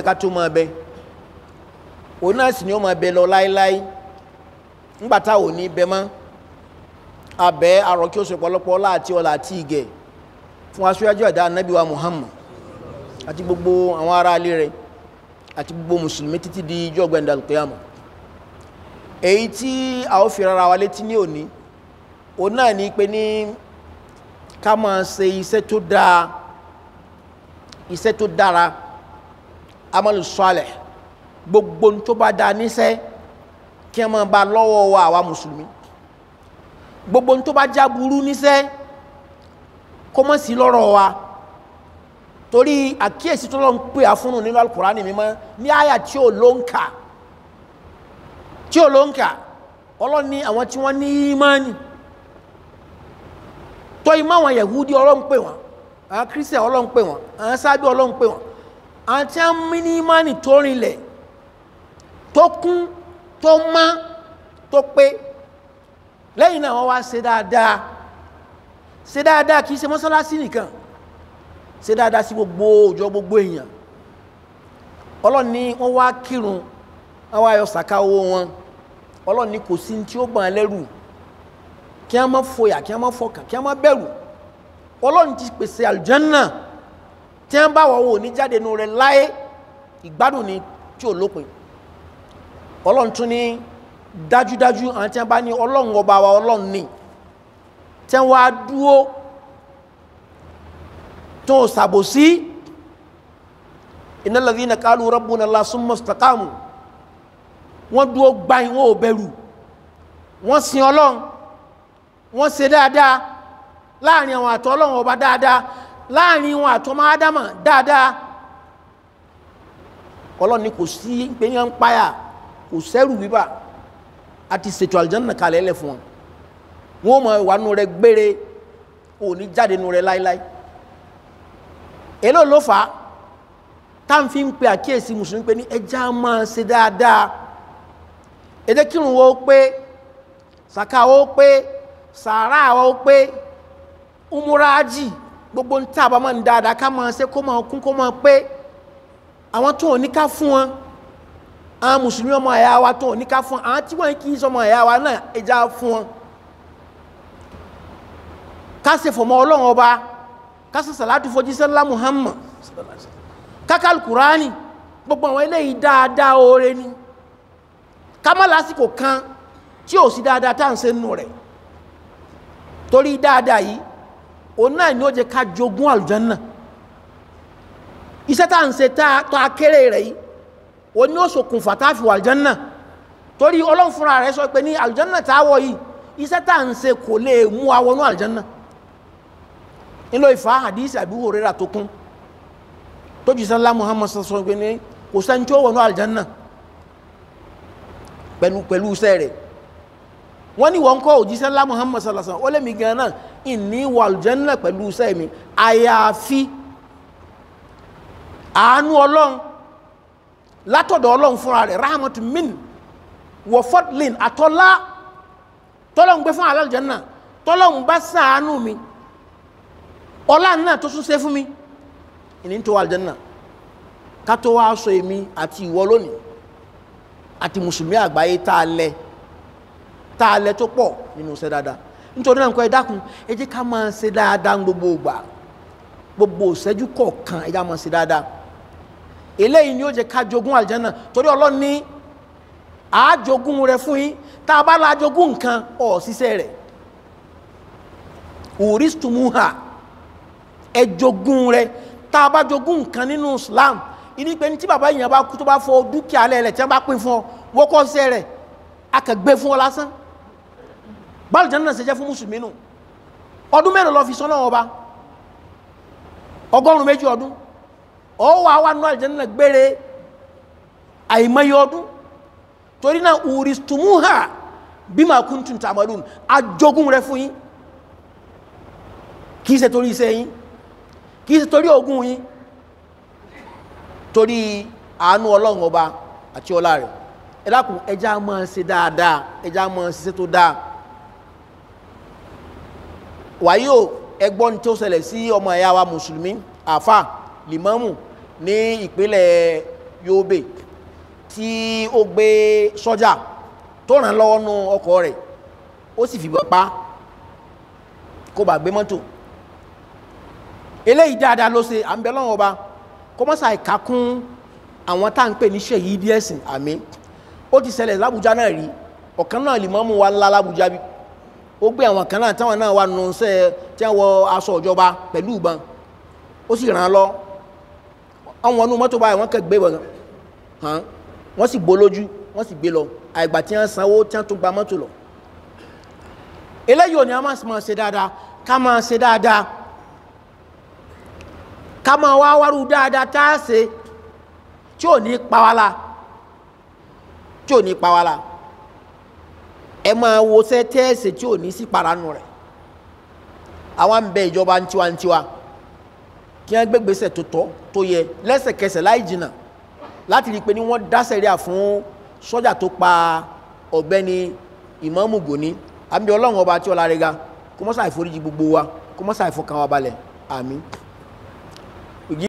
ká tó máa bẹ òun ni ó máa bẹ lọ láéláé ńgbà tá ò ní bẹ mọ́ abẹ arọ kí ó sọ pọ̀lọpọ̀ láti ọlà àti ìgẹ̀ fún wa Muhammad àti gbogbo àwọn ará ilé rẹ̀ àti gbogbo mùsùlùmí títí di ijó gbẹndà lùkẹyàmù eyi tí a ó fi rárá wa leti ní òní òun náà ní pé ní ká se ise to tó amalu salih gbogbo tó bá da níṣẹ́ kí ẹ máa ba lọ́wọ́ wa àwa mùsùlùmí gbogbo tó bá já burú níṣẹ́ kó mọ̀ sí lọ́rọ̀ wa torí àkíyèsí tó lọ́n pè àfúnù nínú alukurani mímọ́ ní àyà tí ò ló ń kà tí ò ló ń kà ọlọ́run ní àwọn tí wọ́n ní ìmánì tó imá àwọn yahudi ọlọ́run pè wọ́n àwọn kírísítẹ̀ ọlọ́run pè wọ́n àwọn sáájú ọlọ́run pè wọ́n àti amínímánì tó rinlẹ̀ tó kún tó má tó pé lẹ́yìn náà wọ́n wá ṣe dáadáa ṣe dáadáa kìí ṣe mọ́sálásí nìkan ṣe dáadáa sí gbogbo òjò gbogbo èèyàn ọlọ́ni wọ́n wá kírun wọ́n wá yọ sàká owó wọn ọlọ́ni kò sí tí ó gbọ̀n lẹ́rù kí a má fòyà kí a má fọkàn kí a má bẹ̀rù ọlọ́ni ti pèsè àlùjànnà náà tí wọ́n bá wọ́n wò ní jáde nu rẹ̀ láyé ìgbádùn ni tí ò lópin ọlọ́run tún ní dájúdájú àwọn tí wọ́n bá ní ọlọ́run ọba wa ọlọ́run ni tí wọ́n á dúró tó ṣàbòsí innal ladhina qalu rabbuna Allah summa istaqamu wọ́n dúró gbáyìn wọn ò bẹ̀rù wọ́n sin ọlọ́run wọ́n ṣe dáadáa láàrin àwọn àtọ́ ọlọ́run ọba dáadáa láàrin wọn àtọmọ ádámà dáadáa ọlọ́ni kò sí ìpéyàn páyà kò sẹ́rù bíbà àti ṣètò àlùjánnà kalẹ̀ ẹlẹ̀ fún wọn wọn mọ ìwà nù rẹ gbére ò ní jáde nù rẹ láíláí èló ló fà á táwọn fi ń pe àkíyèsí mùsùlùmí pé ní ẹja máa ṣe dáadáa ẹ jẹ́ kírun wo pé sàkáwó pé sàárà wo pé umuraji gbogbo ń tà bá máa ń dáadáa ká máa ṣe kó máa kún kó máa pé àwọn tó ò ní ká fún wọn àwọn mùsùlùmí ọmọ ẹ̀yà wa tó ò ní ká fún wọn àwọn tí wọ́n kì í sọmọ ẹ̀yà wa náà ẹja fún wọn ká ṣe fọmọ ọlọ́run ọba ká ṣe sàlátù fojísẹ́ lá Muhammad kákàlù kùránì gbogbo àwọn eléyìí dáadáa oore ni ká lásìkò kan tí ò sí dáadáa tá à ń ṣe nù rẹ̀ torí dáadáa yìí òun náà ni ó jẹ ká jogún àlùjánà iṣẹ́ tá à ń ṣe tó akéré rẹ̀ yìí òun ni ó ṣokùnfà tá a fi wà àlùjánà torí ọlọ́run fúnra rẹ̀ sọ pé ní àlùjánà tá a wọ̀ yìí iṣẹ́ tá à ń ṣe kò lè mú wa wọnú àlùjánà nílò ìfà hadith Abu Hurairah tó kún tójú sanlá Muhammad sọ pé ní kò sẹ́ni ó wọnú àlùjánà pẹ̀lú pẹ̀lú iṣẹ́ rẹ̀ wọ́n ní wọ́n kọ́ òjíṣẹ́ ńlá muhammad salasan ó lèmi gan náà ìní wàlùjẹ́nà pẹ̀lú iṣẹ́ mi àyàfi àánú ọlọ́run látọ̀dọ̀ ọlọ́run fúnra rẹ̀ rahmat min wọ fọtlin àtọ́lá tọ́lọ́run gbé fún alálùjẹ́nà tọ́lọ́run bá sàánú mi ọlá náà tó tún ṣe fún mi ìní tó wàlùjẹ́nà ká tó wá sọ èmi àti ìwọ lónìí àti mùsùlùmí àgbáyé tá a lẹ́ẹ̀ ta a lẹ tó pọ̀ nínú iṣẹ́ dáadáa nítorí náà nǹkan ẹ dákun ẹ gbogbo ìgbà gbogbo ìṣẹ́jú kọ̀ọ̀kan ẹ jẹ́ máa ṣe dáadáa eléyìí ni ó jẹ́ ká jogún àlùjánnà torí Ọlọ́run ní àájogún rẹ fún yín tá a bá la jogún nǹkan ọ̀ ṣiṣẹ́ rẹ̀ òrìṣtùmùhà ẹ jogún rẹ tá a bá jogún nǹkan nínú Islam ìní pé tí baba yìnyín bá kú tó bá fọ dúkìá báàlù jẹ́ náà ṣe jẹ́ fún mùsùlùmí nù ọdún mélòó lọ fi sọ́nà ọba ọgọ́rùn méjì ọdún ó wà wà nù àlùjẹ́ náà gbére àìmọye ọdún torí náà bima kuntum ta'malun ajogun rẹ fún yín kìí ṣe torí iṣẹ́ yín ṣe torí yín torí àánú ọba àti ọlá rẹ̀ ẹ dákun ẹja máa ṣe dáadáa ẹja máa ṣiṣẹ́ tó dáa wàyí o ẹgbọ́n tó ṣẹlẹ̀ sí ọmọ ẹ̀yà wa mùsùlùmí àfà limamu ní ìpínlẹ̀ yobe tí ó gbé sọ́jà tó ràn lọ́wọ́ nu ọkọ̀ rẹ̀ ó sì fìbọn pa kó bá gbé mọ́tò eléyìí dáadáa ló ṣe à ń bẹ lọ́wọ́ ọba kọ́mọ́sà ìka kún àwọn tá à ń pè ní ṣèyí díẹ̀ sìn àmì ó ti ṣẹlẹ̀ lábújá náà rí ọ̀kan náà limamu wa ńlá lábújá bíi ó gbé àwọn kan náà táwọn náà wà nù sẹ́ tí wọ́n aṣọ ìjọba pẹ̀lú ìbọn ó sì ràn án lọ àwọn ọ̀nù mọ́tò báyìí wọ́n kẹ́ gbé wọn hàn wọ́n sì bó lójú wọ́n sì gbé lọ àìgbà tí wọ́n sanwó tí wọ́n tún gba mọ́tò lọ. eléyìí ò ní a máa sì máa ṣe dáadáa ká máa ṣe dáadáa ká máa wá wárú dáadáa tá a ṣe tí ò ní pa wá la tí ò ní pa wá la ẹ máa wo sẹ́ tẹ́ẹ̀sì tí ò ní sí paranu rẹ̀ àwa ń bẹ ìjọba ntiwantiwa kí wọ́n gbégbèsè tó tọ́ tó yẹ lẹ́sẹ̀kẹsẹ̀ láì jìnnà láti rí i pé ní wọ́n dá sẹ́ríà fún sọ́jà tó pa ọ̀gbẹ́ni Ìmáàmù Gòní àmì ọlọ́run ọba tí ọlá rẹ̀ ga kó mọ́sàáì foríjì gbogbo wa kó mọ́sàáì fọkàn wa balẹ̀ àmín.